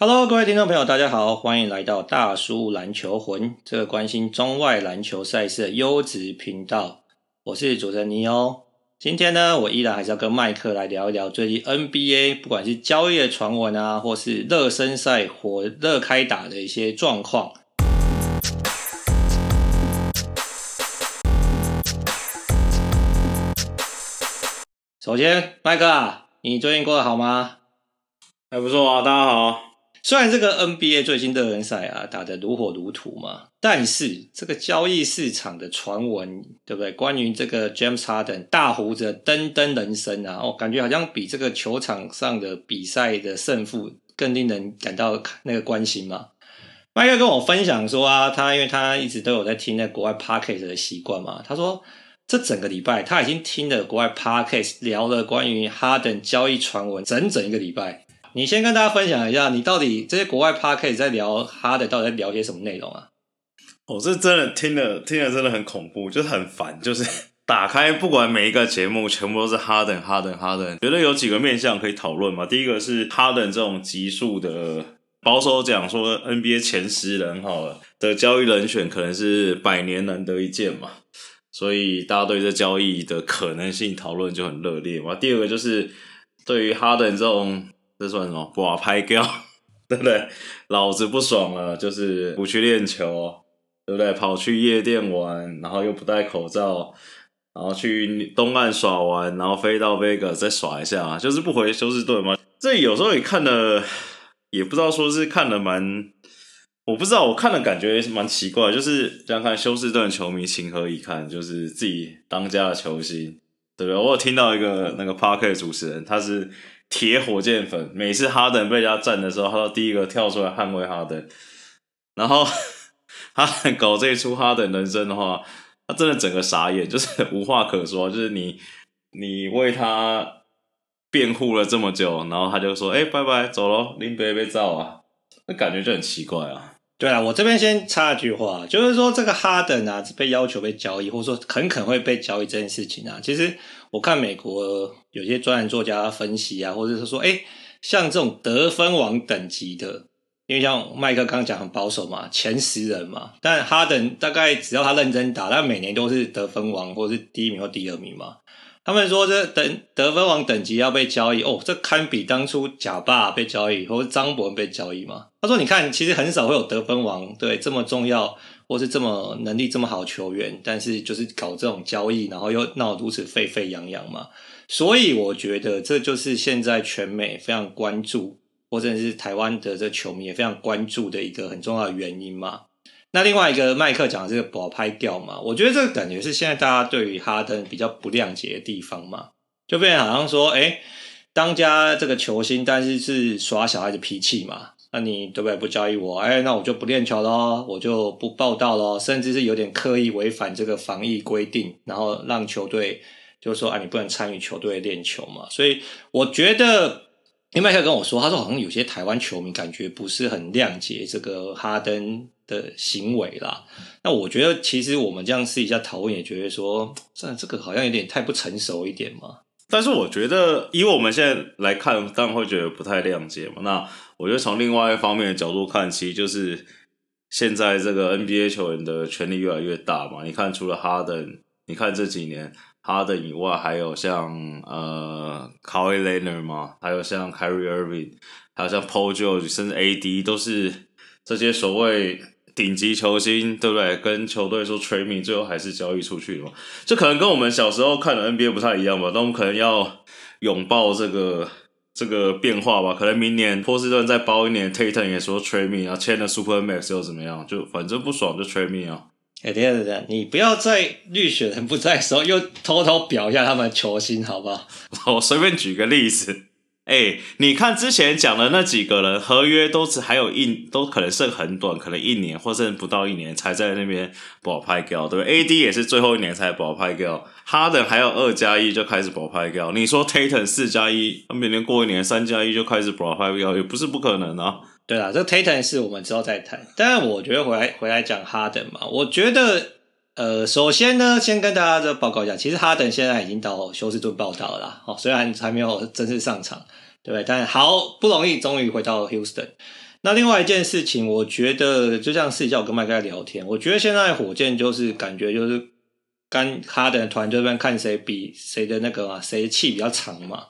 Hello，各位聽眾朋友，大家好，歡迎來到大叔籃球魂這個關心中外籃球賽事的優質頻道，我是主持人你哦。今天呢，我依然還是要跟麥克來聊一聊最近 NBA 不管是交易的傳聞啊，或是熱身賽火熱開打的一些狀況。首先，麥克，啊，你最近過得好嗎？還不錯啊，大家好。雖然這個 NBA 最近的人賽啊打得如火如荼嘛，但是這個交易市場的傳聞，對不對？關於這個 James Harden 大鬍子登登人生啊，我、哦、感覺好像比這個球場上的比賽的勝負更令人感到那個關心嘛。麥、嗯、克、嗯、跟我分享說啊，他因為他一直都有在聽那國外 podcast 的習慣嘛，他說這整個禮拜他已經聽了國外 podcast 聊了關於 Harden 交易傳聞整整一個禮拜。你先跟大家分享一下，你到底這些國外趴可以在聊哈登，到底在聊些什麼內容啊？我、哦、是真的聽了聽了真的很恐怖，就是、很煩，就是打開不管每一個節目，全部都是哈登哈登哈登。覺得有幾個面向可以討論嘛？第一個是哈登這種級數的保守講，說 NBA 前十人好了的交易人選，可能是百年難得一見嘛，所以大家對這交易的可能性討論就很熱烈嘛。第二個就是對於哈登這種。這算什麼？耍拍狗，對不對？老子不爽了，就是不去練球，對不對？跑去夜店玩，然後又不戴口罩，然後去東岸耍玩，然後飛到 Vegas 再耍一下，就是不回休斯頓嘛。這有時候也看的，也不知道說是看的蠻，我不知道我看的感覺也蠻奇怪，就是這樣看休斯頓球迷情何以堪？就是自己當家的球星，對不對？我有聽到一個那個 Park 的主持人，他是。鐵火箭粉，每次哈登被人家戰的時候，他都第一個跳出來捍衛哈登。然後他搞這一出哈登人生的話，他真的整個傻眼，就是無話可說。就是你，你為他辯護了這麼久，然後他就說：“哎、欸，拜拜，走嘍，林北被造啊。”那感覺就很奇怪啊。對啊，我這邊先插一句話，就是說這個哈登啊，只被要求被交易，或者說很可能會被交易這件事情啊，其實我看美國有些專欄作家分析啊，或者是說，誒像這種得分王等級的，因為像麥克剛講很保守嘛，前十人嘛，但哈登大概只要他認真打，他每年都是得分王或是第一名或第二名嘛。他們說，這等得分王等級要被交易哦，這堪比當初賈霸被交易，或是張伯倫被交易嘛？他說，你看，其實很少會有得分王對這麼重要，或是這麼能力這麼好球員，但是就是搞這種交易，然後又鬧得如此沸沸揚揚嘛。所以我覺得這就是現在全美非常關注，或者是台灣的這球迷也非常關注的一個很重要的原因嘛。那另外一個麥克講的這個不好拍掉嘛，我覺得這個感覺是現在大家對於哈登比較不諒解的地方嘛，就變成好像說，誒，當家這個球星，但是是耍小孩子脾氣嘛，那你對不對？不交易我，誒，那我就不練球嘍，我就不報道嘍，甚至是有點刻意違反這個防疫規定，然後讓球隊就說，啊，你不能參與球隊練球嘛。所以我覺得，因為麥克跟我說，他說好像有些台灣球迷感覺不是很諒解這個哈登的行為啦，那我覺得其實我們這樣試一下討論，也覺得說，這這個好像有點太不成熟一點嘛。但是我覺得，以我們現在來看，當然會覺得不太諒解嘛。那我覺得從另外一方面的角度看，其實就是現在這個 NBA 球員的權力越來越大嘛。你看，除了哈登，你看這幾年哈登以外，還有像呃 Kawhi Leonard 嘛，還有像 Kyrie Irving，還有像 Paul George，甚至 AD 都是這些所謂。頂級球星，對不對？跟球隊說 t r a d i n g 最後還是交易出去的嘛，這可能跟我們小時候看的 NBA 不太一樣吧。但我們可能要擁抱這個這個變化吧。可能明年波士頓再包一年，TAYTON 也說 trade me，啊，簽了 Super Max 又怎麼樣？就反正不爽就 t r a d i n g 啊。哎、欸，李先生，你不要在綠血人不在的時候又偷偷表一下他們球星，好不好？我隨便舉個例子。哎、欸，你看之前講的那幾個人，合約都只還有一，都可能剩很短，可能一年或者不到一年才在那邊保拍掉，對對 AD 也是最後一年才保拍掉，哈登還有二加一就開始保拍掉。你說 Tatum 四加一，他每年過一年三加一就開始保拍掉，也不是不可能啊。對啊，這 Tatum 是我們之後再談，但是我覺得回來回來講哈登嘛，我覺得。呃，首先呢，先跟大家的報告一下，其實哈登現在已經到休斯頓報到了，好，雖然還沒有正式上場，對不對？但好不容易終於回到了 Houston。那另外一件事情，我覺得就像是之前我跟麥克在聊天，我覺得現在火箭就是感覺就是跟哈登團隊這邊看誰比誰的那個嘛，啊，誰的氣比較長嘛，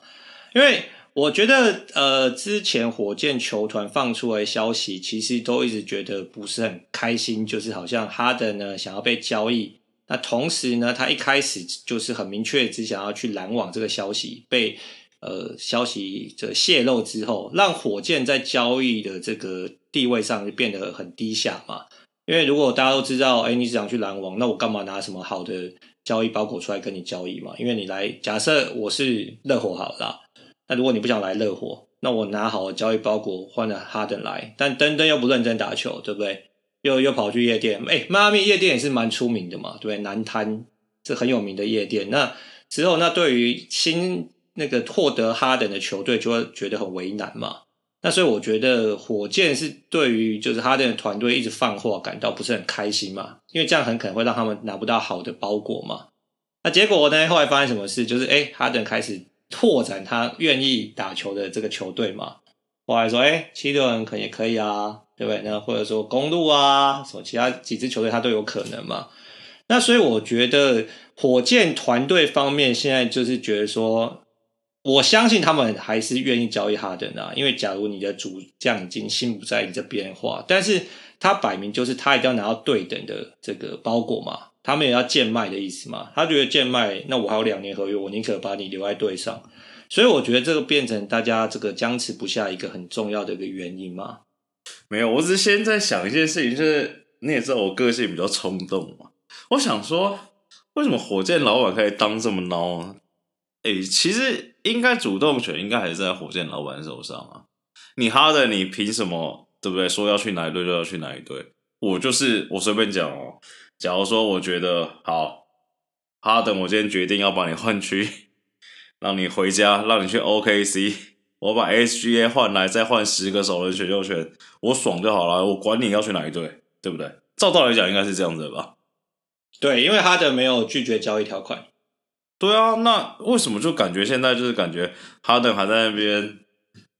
因為。我覺得，呃，之前火箭球團放出來的消息，其實都一直覺得不是很開心，就是好像哈登呢想要被交易，那同時呢，他一開始就是很明確只想要去籃網。這個消息被呃消息這泄露之後，讓火箭在交易的這個地位上就變得很低下嘛。因為如果大家都知道，哎，你只想去籃網，那我幹嘛拿什麼好的交易包裹出來跟你交易嘛？因為你來假設我是熱火好了啦。那如果你不想來熱火，那我拿好交易包裹換了哈登來，但登登又不認真打球，對不對？又又跑去夜店，誒、欸，邁阿密夜店也是蠻出名的嘛，對不對？南灘是很有名的夜店。那之後，那對於新那個獲得哈登的球隊就會覺得很為難嘛。那所以我覺得火箭是對於就是哈登的團隊一直放話感到不是很開心嘛，因為這樣很可能會讓他們拿不到好的包裹嘛。那結果呢？後來發生什麼事？就是誒，哈登開始。拓展他願意打球的這個球隊嘛，或者說，哎、欸，七六人可能也可以啊，對不對？那或者說，公鹿啊，什麼其他幾支球隊他都有可能嘛。那所以我覺得火箭團隊方面現在就是覺得說，我相信他們還是願意交易哈登的，因為假如你的主將已經心不在你這邊的話，但是他擺明就是他一定要拿到對等的這個包裹嘛。他們也要賤賣的意思嘛？他覺得賤賣，那我還有兩年合約，我寧可把你留在隊上。所以我覺得這個變成大家這個僵持不下一個很重要的一個原因嘛。沒有，我只是現在想一件事情，就是你也知道我個性比較衝動嘛。我想說，為什麼火箭老闆可以當這麼孬啊？欸，其實應該主動權應該還是在火箭老闆手上啊。你哈登，你憑什麼對不對？說要去哪一隊就要去哪一隊？我就是我隨便講哦。假如說我覺得，好，哈登，我今天決定要幫你換區，讓你回家，讓你去 OKC，我把 SGA 換來，再換十個首輪選秀權，我爽就好了，我管你要去哪一隊，對不對？照道理講應該是這樣子吧？對，因為哈登沒有拒絕交易條款。對啊，那為什麼就感覺現在就是感覺哈登還在那邊，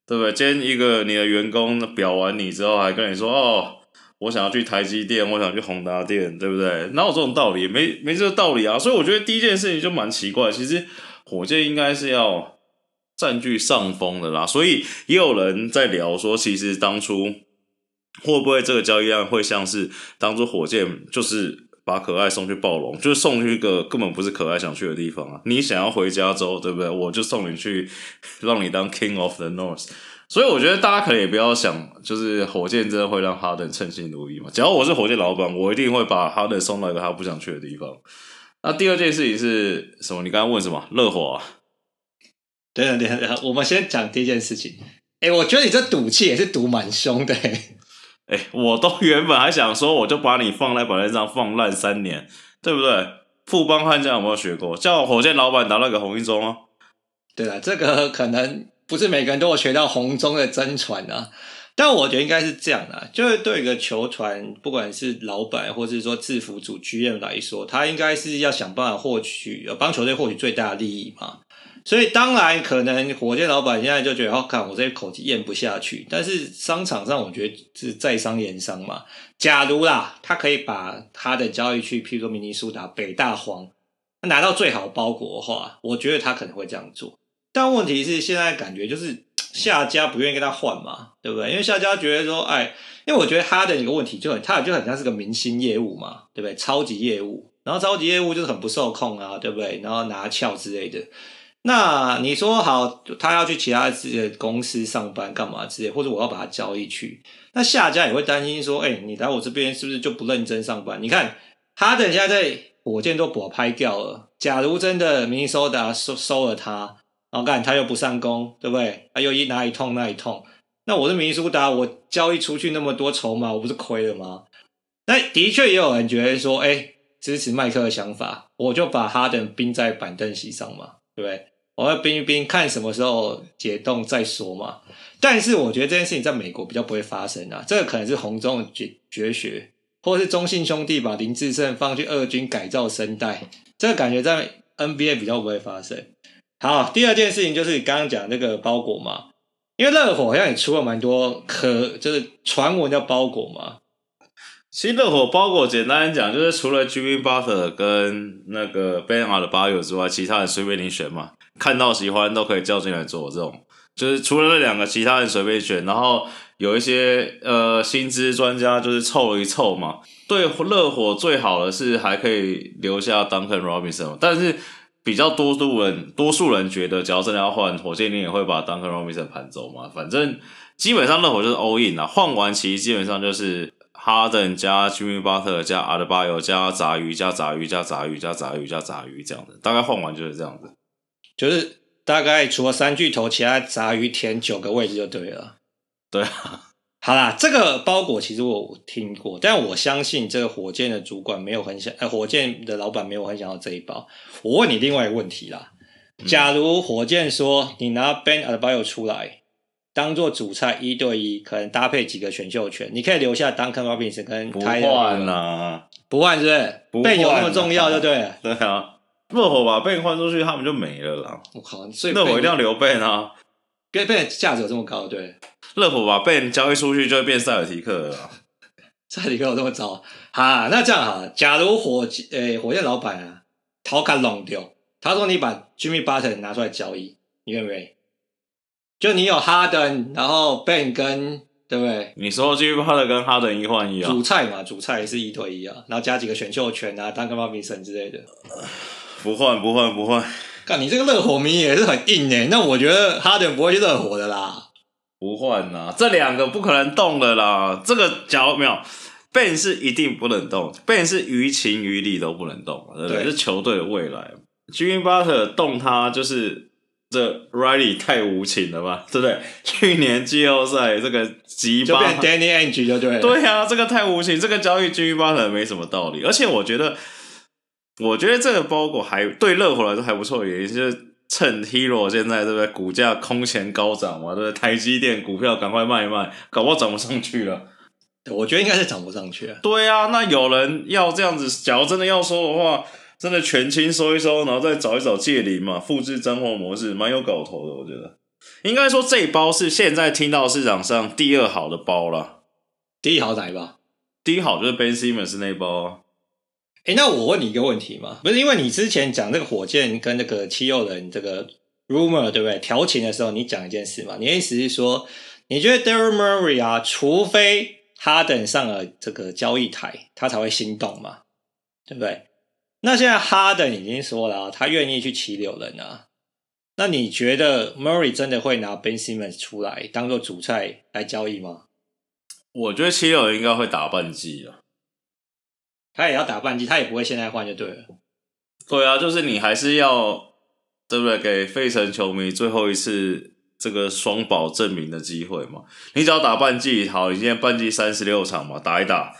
對不對？今天一個你的員工表完你之後，還跟你說哦，我想要去台積電，我想要去宏達電，對不對？哪有這種道理？沒沒這個道理啊！所以我覺得第一件事情就蠻奇怪。其實火箭應該是要占據上風的啦，所以也有人在聊說，其實當初會不會這個交易案會像是當初火箭就是把可愛送去暴龍，就是送去一個根本不是可愛想去的地方啊？你想要回加州，對不對？我就送你去，讓你當 King of the North。所以我覺得大家可能也不要想，就是火箭真的會讓哈登稱心如意嘛。只要我是火箭老闆，我一定會把哈登送到一個他不想去的地方。那第二件事情是什麼？你剛剛問什麼？熱火啊？等等等等，我們先講第一件事情。哎，我覺得你這賭氣也是賭蠻凶的欸。哎，我都原本還想說，我就把你放在板凳上放爛三年，對不對？富邦悍將有沒有學過？叫火箭老闆，拿那個洪一中啊？對了，這個可能。不是每個人都有學到紅中的真傳啊，但我覺得應該是這樣的，啊，就是對一個球團，不管是老闆或者是說制服組 GM 來說，他應該是要想辦法獲取，幫球隊獲取最大的利益嘛。所以當然，可能火箭老闆現在就覺得，哦，看我這一口氣咽不下去。但是商場上，我覺得是在商言商嘛。假如啦，他可以把他的交易去，譬如說明尼蘇達、北大荒拿到最好的包裹的話，我覺得他可能會這樣做。但問題是，現在感覺就是下家不願意跟他換嘛，對不對？因為下家覺得說，哎，因為我覺得哈登一個問題就很，他就很像是個明星業務嘛，對不對？超級業務，然後超級業務就是很不受控啊，對不對？然後拿翹之類的。那你說好，他要去其他自己的公司上班幹嘛之類的，或者我要把他交易去，那下家也會擔心說，哎，你來我這邊是不是就不認真上班？你看他等一下在火箭都把拍掉了。假如真的明尼蘇達收收了他？然後看他又不上工，對不對？他、啊、又一哪一痛那一痛。那我的民義輸我交易出去那麼多籌碼，我不是虧了嗎？那的確也有人覺得說，誒支持麥克的想法，我就把哈登冰在板凳席上嘛，對不對？我要冰一冰，看什麼時候解凍再說嘛。但是我覺得這件事情在美國比較不會發生啊，這個可能是紅中的絕絕學，或是中信兄弟把林智勝放去二軍改造聲帶，這個感覺在 NBA 比較不會發生。好，第二件事情就是你剛剛講那個包裹嘛，因為熱火好像也出了蠻多可，就是傳聞叫包裹嘛。其實熱火包裹簡單講就是除了 Jimmy Butler 跟那個 Bam Adebayo 之外，其他人隨便你選嘛，看到喜歡都可以叫進來做這種。就是除了那兩個，其他人隨便選。然後有一些呃薪資專家就是湊一湊嘛。對熱火最好的是還可以留下 Duncan Robinson，但是。比較多數人，多數人覺得，假如真的要換火箭，你也會把 Duncan Robinson 盤走嘛。反正基本上熱火就是 All In 啊，換完其實基本上就是 Harden 加 Jimmy Butler 加阿德巴約加雜魚加雜魚加雜魚加雜魚加雜魚這樣子。大概換完就是這樣子，就是大概除了三巨頭，其他雜魚填九個位置就對了。對啊。好啦，這個包裹其實我聽過，但我相信這個火箭的主管沒有很想，呃、欸、火箭的老闆沒有很想要這一包。我問你另外一個問題啦，假如火箭說你拿 Bam Adebayo 出來當做主菜一對一，可能搭配幾個選秀權，你可以留下 Duncan Robinson 跟、tai、不換吶？不換是不，不？Bam 有那麼重要，對不對？對啊，熱火吧，Bam 換出去他們就沒了啦。我、哦、靠，Bam, 那我一定要留 Bam 啊，Bam 價值有這麼高，對。熱火把 Ben 交易出去就會變塞爾提克了、啊。 塞爾提克有這麼糟、啊？哈，那這樣哈，假如火誒、欸、火箭老闆啊，陶卡龍丟，他說你把 Jimmy 巴特拿出來交易，你願不願意？就你有哈登，然後 Ben 跟對不對？你說 Jimmy 巴特跟哈登一換一啊？主菜嘛，主菜是一推一啊，然後加幾個選秀權啊，當個拉米什之類的。不換不換不換！看，你這個熱火迷也是很硬誒、欸。那我覺得哈登不會去熱火的啦。不換啦這兩個不可能動的啦。這個腳沒有，Ben 是一定不能動，Ben 是於情於理都不能動，對不對？對是球隊的未來。Jimmy Butler 動他就是這 Riley 太無情了吧，對不對？ 去年季後賽這個雞巴 Danny Ainge 就對了，對啊這個太無情，這個交易 Jimmy Butler 沒什麼道理。而且我覺得，我覺得這個包裹還對熱火來說還不錯，原因就是。趁 Hero 現在對不對，股價空前高漲嘛，對不對？台積電股票趕快賣一賣，搞不好漲不上去了。我覺得應該是漲不上去啊。對啊，那有人要這樣子，假如真的要說的話，真的全清收一收，然後再找一找借零嘛，複製真貨模式，蠻有搞頭的。我覺得，應該說這一包是現在聽到市場上第二好的包了。第一好在吧？第一好就是 Ben Simmons 那一包啊。哎，那我問你一個問題嘛，不是因為你之前講那個火箭跟那個七六人這個 rumor 對不對？調情的時候你講一件事嘛，你的意思是說，你覺得 Daryl Morey 啊，除非 Harden 上了這個交易台，他才會心動嘛，對不對？那現在 Harden 已經說了啊，他願意去七六人啊。那你覺得 Morey 真的會拿 Ben Simmons 出來當做主菜來交易嗎？我覺得七六人應該會打半季啊。他也要打半季，他也不會現在換就對了。對啊，就是你還是要，對不對？給費城球迷最後一次這個雙保證明的機會嘛。你只要打半季，好，你今天半季三十六場嘛，打一打，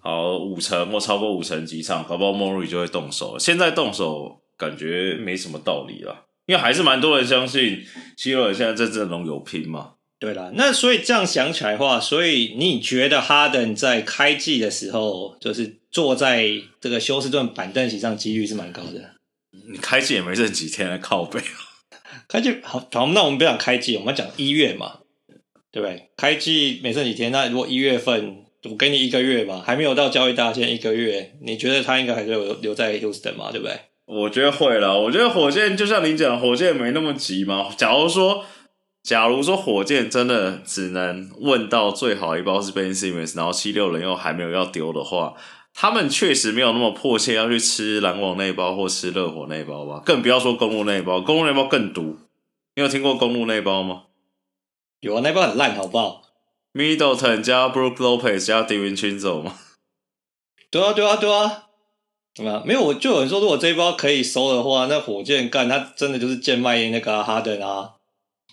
好，五成或超過五成幾場，搞不好莫瑞就會動手了。現在動手感覺沒什麼道理啦，因為還是蠻多人相信希爾現在這陣容有拼嘛。對了，那所以這樣想起來的話，所以你覺得哈登在開季的時候就是？坐在這個休斯頓板凳席上幾率是蠻高的。你開季也沒剩幾天了，啊，靠北。開季好，好，那我們不講開季，我們講一月嘛，對不對？開季沒剩幾天，那如果一月份，我給你一個月嘛，還沒有到交易大限一個月，你覺得他應該還是留在休斯頓嘛，對不對？我覺得會啦。我覺得火箭就像你講，火箭沒那麼急嘛。假如說，假如說火箭真的只能問到最好一包是 Ben Simmons，然後七六人又還沒有要丟的話。他們確實沒有那麼迫切要去吃籃網那一包，或吃熱火那一包吧，更不要說公鹿那一包。公鹿那一包更毒。你有聽過公鹿那一包嗎？有啊，那包很爛，好不好？Middleton 加 Brook Lopez 加 DiVincenzo 嗎？對啊，對啊，對啊。怎麼樣？沒有，我就有人說，如果這一包可以收的話，那火箭幹它真的就是賤賣那個 Harden 啊，啊。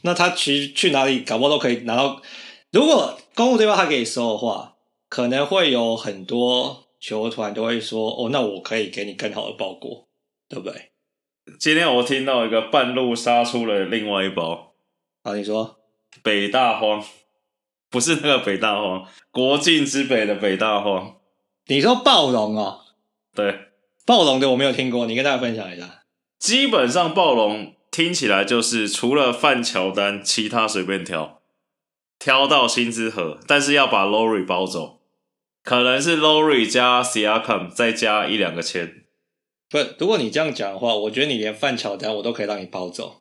那他其實去哪裡搞不好都可以拿到？如果公鹿這包還可以收的話，可能會有很多。球團都會說：“哦，那我可以給你更好的包裹，對不對？”今天我聽到一個半路殺出了另外一包啊！你說北大荒不是那個北大荒，國境之北的北大荒。你說暴龍哦？對，暴龍的我沒有聽過，你跟大家分享一下。基本上暴龍聽起來就是除了范喬丹，其他隨便挑，挑到薪資核，但是要把 Lowry 包走。可能是 Lowry 加 Siakam 再加一兩個籤，不，如果你這樣講的話，我覺得你連范喬丹我都可以讓你包走。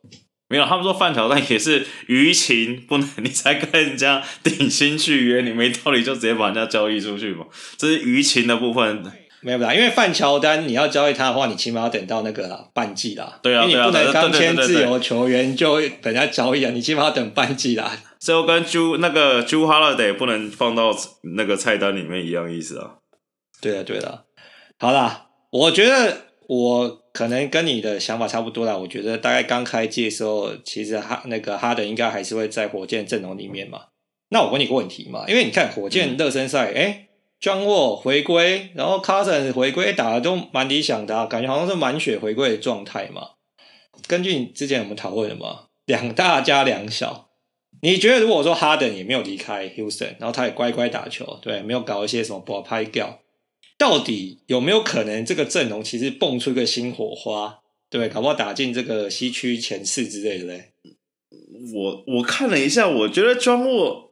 沒有，他們說范喬丹也是輿情，不能你才跟人家頂薪續約，你沒道理就直接把人家交易出去嘛。這是輿情的部分，沒有，不因為范喬丹你要交易他的話，你起碼要等到那個啦，半季啦。對啊，你不能剛簽自由球員就會被人家交易啊，你起碼要等半季啦。所以跟朱那個朱哈勒德不能放到那個菜單裡面一樣意思啊？對啊對的。好啦，我覺得我可能跟你的想法差不多啦。我覺得大概剛開機的時候，其實哈那個哈德應該還是會在火箭陣容裡面嘛。嗯、那我問你個問題嘛，因為你看火箭熱身賽，哎、嗯，莊、欸、沃回歸，然後卡 n 回歸打得都蠻理想的、啊，感覺好像是滿血回歸的狀態嘛。根據你之前我們討論的嘛，兩大加兩小。你覺得如果說哈登也沒有離開 Houston，然後他也乖乖打球，對，沒有搞一些什麼不好拍掉，到底有沒有可能這個陣容其實蹦出一個新火花？對，搞不好打進這個西區前四之類的。我我看了一下，我覺得莊牧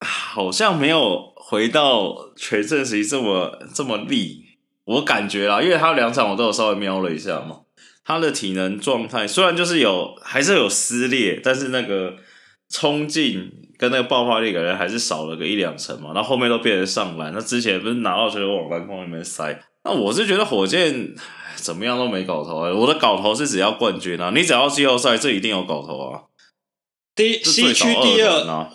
好像沒有回到全盛時期這麼這麼厲。我感覺啦，因為他兩場我都有稍微瞄了一下嘛，他的體能狀態雖然就是有還是有撕裂，但是那個。衝勁跟那個爆發力，感覺還是少了個一兩成嘛。然後後面都變成上籃，那之前不是拿到球就往籃筐裡面塞。那我是覺得火箭怎麼樣都沒搞頭啊、欸！我的搞頭是只要冠軍啊！你只要季後賽，這一定有搞頭啊！第一、啊、西區第二呢、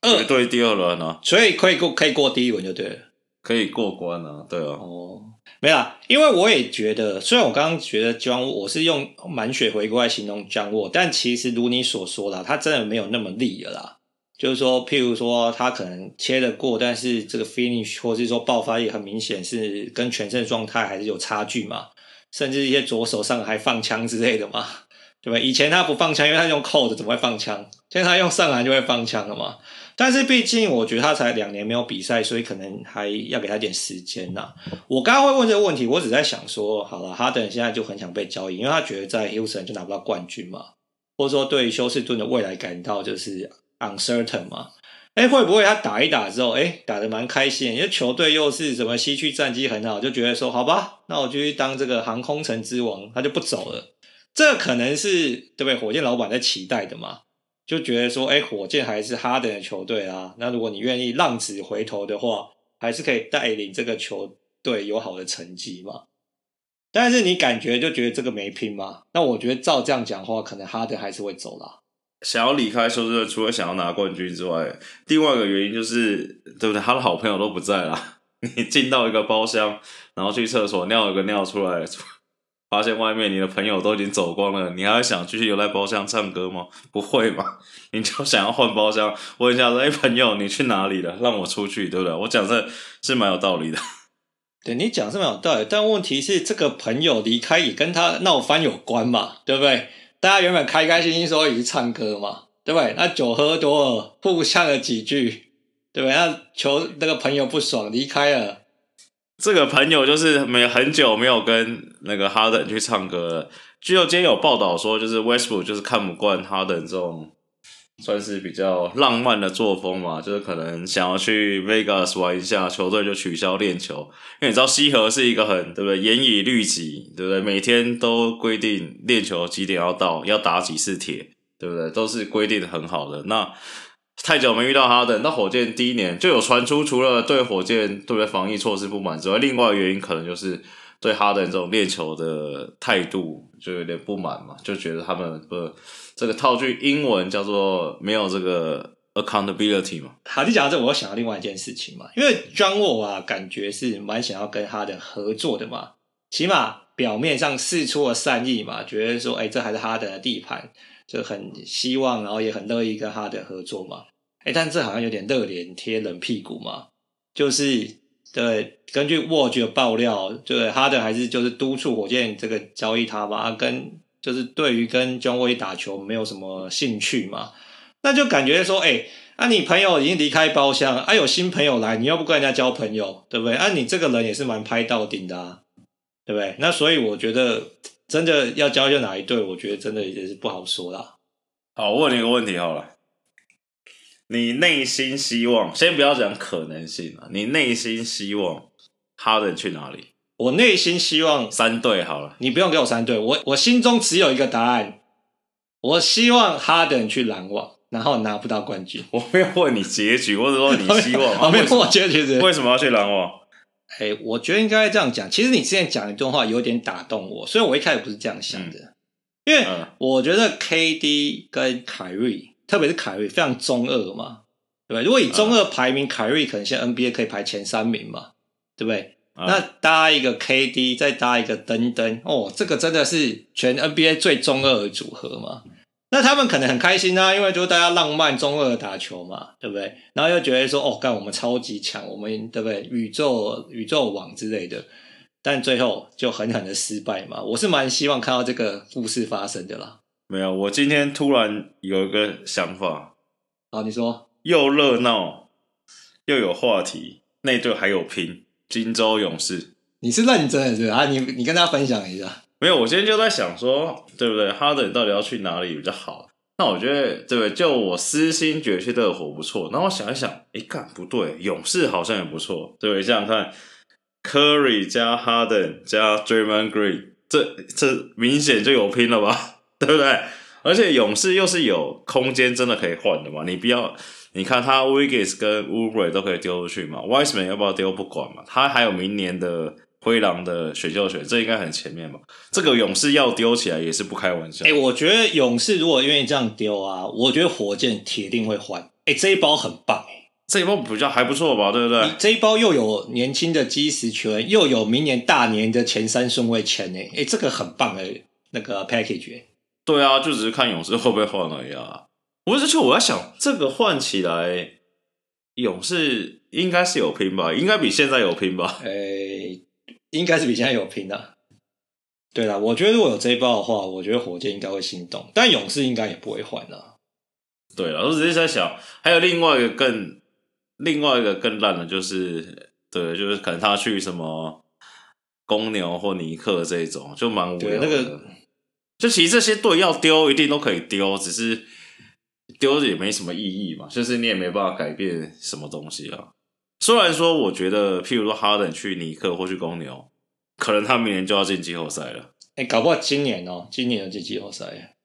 呃，絕對第二輪呢、啊，所以可以過，可以過第一輪就對了，可以過關啊，對啊，哦。沒有，因為我也覺得，雖然我剛剛覺得 John Wall 我，我是用滿血回歸來形容 John Wall，但其實如你所說啦，他真的沒有那麼利了啦。就是說，譬如說他可能切得過，但是這個 finish 或是說爆發力，很明顯是跟全盛狀態還是有差距嘛。甚至一些左手上還放槍之類的嘛，對不對？以前他不放槍，因為他用扣的怎麼會放槍？現在他用上籃就會放槍了嘛。但是畢竟我覺得他才兩年沒有比賽，所以可能還要給他點時間吶、啊。我剛剛會問這個問題，我只在想說，好了，哈登現在就很想被交易，因為他覺得在休 o n 就拿不到冠軍嘛，或者說對於休斯頓的未來感到就是 uncertain 嘛。哎，會不會他打一打之後，哎，打的蠻開心，因為球隊又是什麼西區戰績很好，就覺得說好吧，那我就去當這個航空城之王，他就不走了。這個、可能是對不對？火箭老板在期待的嘛？就覺得說，誒、欸、火箭還是哈登的球隊啊。那如果你願意浪子回頭的話，還是可以帶領這個球隊有好的成績嘛。但是你感覺就覺得這個沒拼嗎？那我覺得照這樣講話，可能哈登還是會走啦。想要離開說是頓，除了想要拿冠軍之外，另外一個原因就是，對不對？他的好朋友都不在了。你進到一個包廂，然後去厠所尿一個尿出來。發現外面你的朋友都已經走光了，你還會想繼續留在包廂唱歌嗎？不會吧？你就想要換包廂，問一下說：“哎、欸，朋友，你去哪裡了？讓我出去，對不對？”我講這，是蠻有道理的。對，你講是蠻有道理，但問題是這個朋友離開也跟他鬧翻有關嘛，對不對？大家原本開開心心說一起唱歌嘛，對不對？那酒喝多了，互嗆了幾句，對不對？那求那個朋友不爽離開了。這個朋友就是沒很久沒有跟那個哈登去唱歌了。據說今天有報道說，就是 Westbrook 就是看不慣哈登這種算是比較浪漫的作風嘛，就是可能想要去 Vegas 玩一下，球隊就取消練球。因為你知道西河是一個很對不對，嚴以律己對不對？每天都規定練球幾點要到，要打幾次鐵對不對？都是規定很好的那。太久沒遇到哈登，那火箭第一年就有傳出，除了對火箭對防疫措施不滿，之外，另外原因可能就是對哈登這種練球的態度就有點不滿嘛，就覺得他們不、這個、這個套句英文叫做沒有這個 accountability 嘛。好，就講到這，我又想到另外一件事情嘛，因為 John Wall 啊，感覺是蠻想要跟哈登合作的嘛，起碼表面上釋出了善意嘛，覺得說，哎、欸，這還是哈登的地盤。就很希望，然後也很樂意跟哈登合作嘛。誒、欸，但這好像有點熱臉貼冷屁股嘛。就是對，根據 Watch 的爆料，就是哈登還是就是督促火箭這個交易他嘛、啊，跟就是對於跟 John Wall 打球沒有什麼興趣嘛。那就感覺說，誒、欸，啊，你朋友已經離開包廂啊，有新朋友來，你又不跟人家交朋友，對不對？啊，你這個人也是蠻拍到頂的啊，對不對？那所以我覺得。真的要交就哪一隊？我覺得真的也是不好說啦、啊。好，我問你一個問題好了，你內心希望？先不要講可能性了，你內心希望哈登去哪裡？我內心希望三隊好了，你不用給我三隊，我我心中只有一個答案，我希望哈登去籃網，然後拿不到冠軍。我沒有問你結局，我只問你希望。啊， 沒有，問、啊、我結局，為什、為什麼要去籃網？哎、欸，我覺得應該這樣講。其實你之前講一段話有點打動我，所以我一開始不是這樣想的。嗯、因為我覺得 KD 跟凱瑞，嗯、特別是凱瑞非常中二嘛，對不對？如果以中二排名，凱、嗯、瑞可能現在 NBA 可以排前三名嘛，對不對、嗯？那搭一個 KD，再搭一個登登，哦，這個真的是全 NBA 最中二的組合嘛？那他們可能很開心啊，因為就是大家浪漫中二的打球嘛，對不對？然後又覺得說，哦，幹我們超級強，我們對不對？宇宙宇宙王之類的，但最後就狠狠的失敗嘛。我是蠻希望看到這個故事發生的啦。沒有，我今天突然有一個想法好，嗯啊，你說又熱鬧又有話題，那隊還有拼，金州勇士，你是認真的？對啊，你你跟大家分享一下。沒有，我今天就在想說，對不對？哈登到底要去哪裡比較好？那我覺得，對不對？就我私心覺得熱火不錯。那我想一想，哎，幹，不對，勇士好像也不錯，對不對？這樣看，Curry 加哈登加 Draymond Green，這這明顯就有拼了吧， 對不對？而且勇士又是有空間，真的可以換的嘛？你不要，你看他 Wiggins 跟 Oubre 都可以丟出去嘛？Wiseman 要不要丟不管嘛？他還有明年的。灰狼的選秀權，這應該很前面吧？這個勇士要丟起來也是不開玩笑。哎、欸，我覺得勇士如果願意這樣丟啊，我覺得火箭鐵定會換。哎、欸，這一包很棒。哎、欸，這一包比較還不錯吧？對不對？這一包又有年輕的基石球員，又有明年大年的前三順位簽。哎、欸，哎、欸，這個很棒。哎，那個 package，欸、對啊，就只是看勇士會不會換而已啊。我是就我在想這個換起來，勇士應該是有拼吧？應該比現在有拼吧？哎、欸。應該是比現在有拼的啊，對了，我覺得如果有這一包的話，我覺得火箭應該會心動，但勇士應該也不會換呢啊。對了，我只是在想，還有另外一個更另外一個更爛的，就是對，就是可能他去什麼公牛或尼克這種，就蠻無聊。對，那個就其實這些隊要丟，一定都可以丟，只是丟也沒什麼意義嘛，就是你也沒辦法改變什麼東西啊。雖然說，我覺得，譬如說，哈登去尼克或去公牛，可能他明年就要進季後賽了。哎、欸，搞不好今年哦、喔，今年要進季後賽，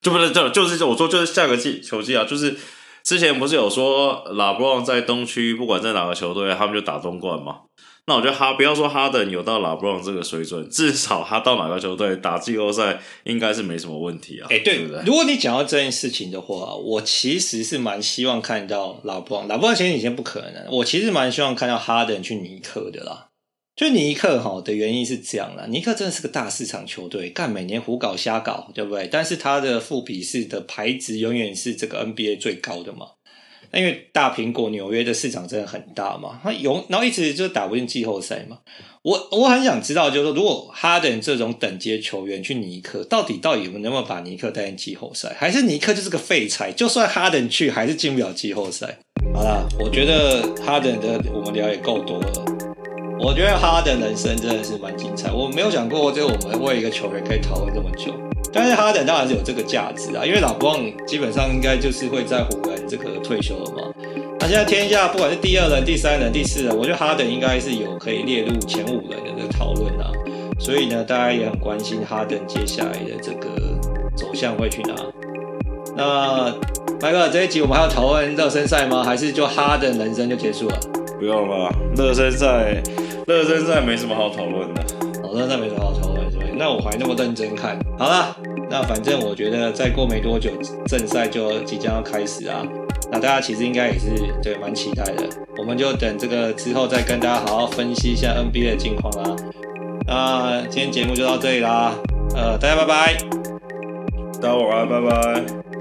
就不能就就是我說就是下個季球季啊，就是之前不是有說拉布朗在東區，不管在哪個球隊，他們就打東冠嗎？那我覺得哈，不要說哈登有到拉布朗這個水準，至少他到哪個球隊打季後賽應該是沒什麼問題啊。哎、欸，對不對？如果你講到這件事情的話，我其實是蠻希望看到拉布朗，拉布朗前幾天不可能，我其實蠻希望看到哈登去尼克的啦。就尼克哈的原因是這樣啦，尼克真的是個大市場球隊，幹每年胡搞瞎搞，對不對？但是他的富比士的排值永遠是這個 NBA 最高的嘛。因為大蘋果紐約的市場真的很大嘛，他有，然後一直就打不進季後賽嘛。我我很想知道，就是說如果哈登這種等級的球員去尼克，到底到底能不能把尼克帶進季後賽？還是尼克就是個廢材？就算哈登去，還是進不了季後賽？好啦，我覺得哈登的我們聊也夠多了。我覺得哈登人生真的是蠻精彩，我沒有想過，就我們為一個球員可以討論這麼久。但是哈登當然是有這個價值啊，因為老光基本上應該就是會在湖人這個退休了嘛。那、啊、現在天下不管是第二輪、第三輪、第四輪，我覺得哈登應該是有可以列入前五輪的這個討論啊。所以呢，大家也很關心哈登接下來的這個走向會去哪。那麥克，這一集我們還要討論熱身賽嗎？還是就哈登人生就結束了？不用了，熱身賽，熱身賽沒什麼好討論的，哦、熱身賽沒什麼好討論。那我還那麼認真看，好了，那反正我覺得再過沒多久，正賽就即將要開始啦。那大家其實應該也是對蠻期待的，我們就等這個之後再跟大家好好分析一下 NBA 的近況啦。那今天節目就到這裡啦，呃，大家拜拜，待會兒啊，拜拜。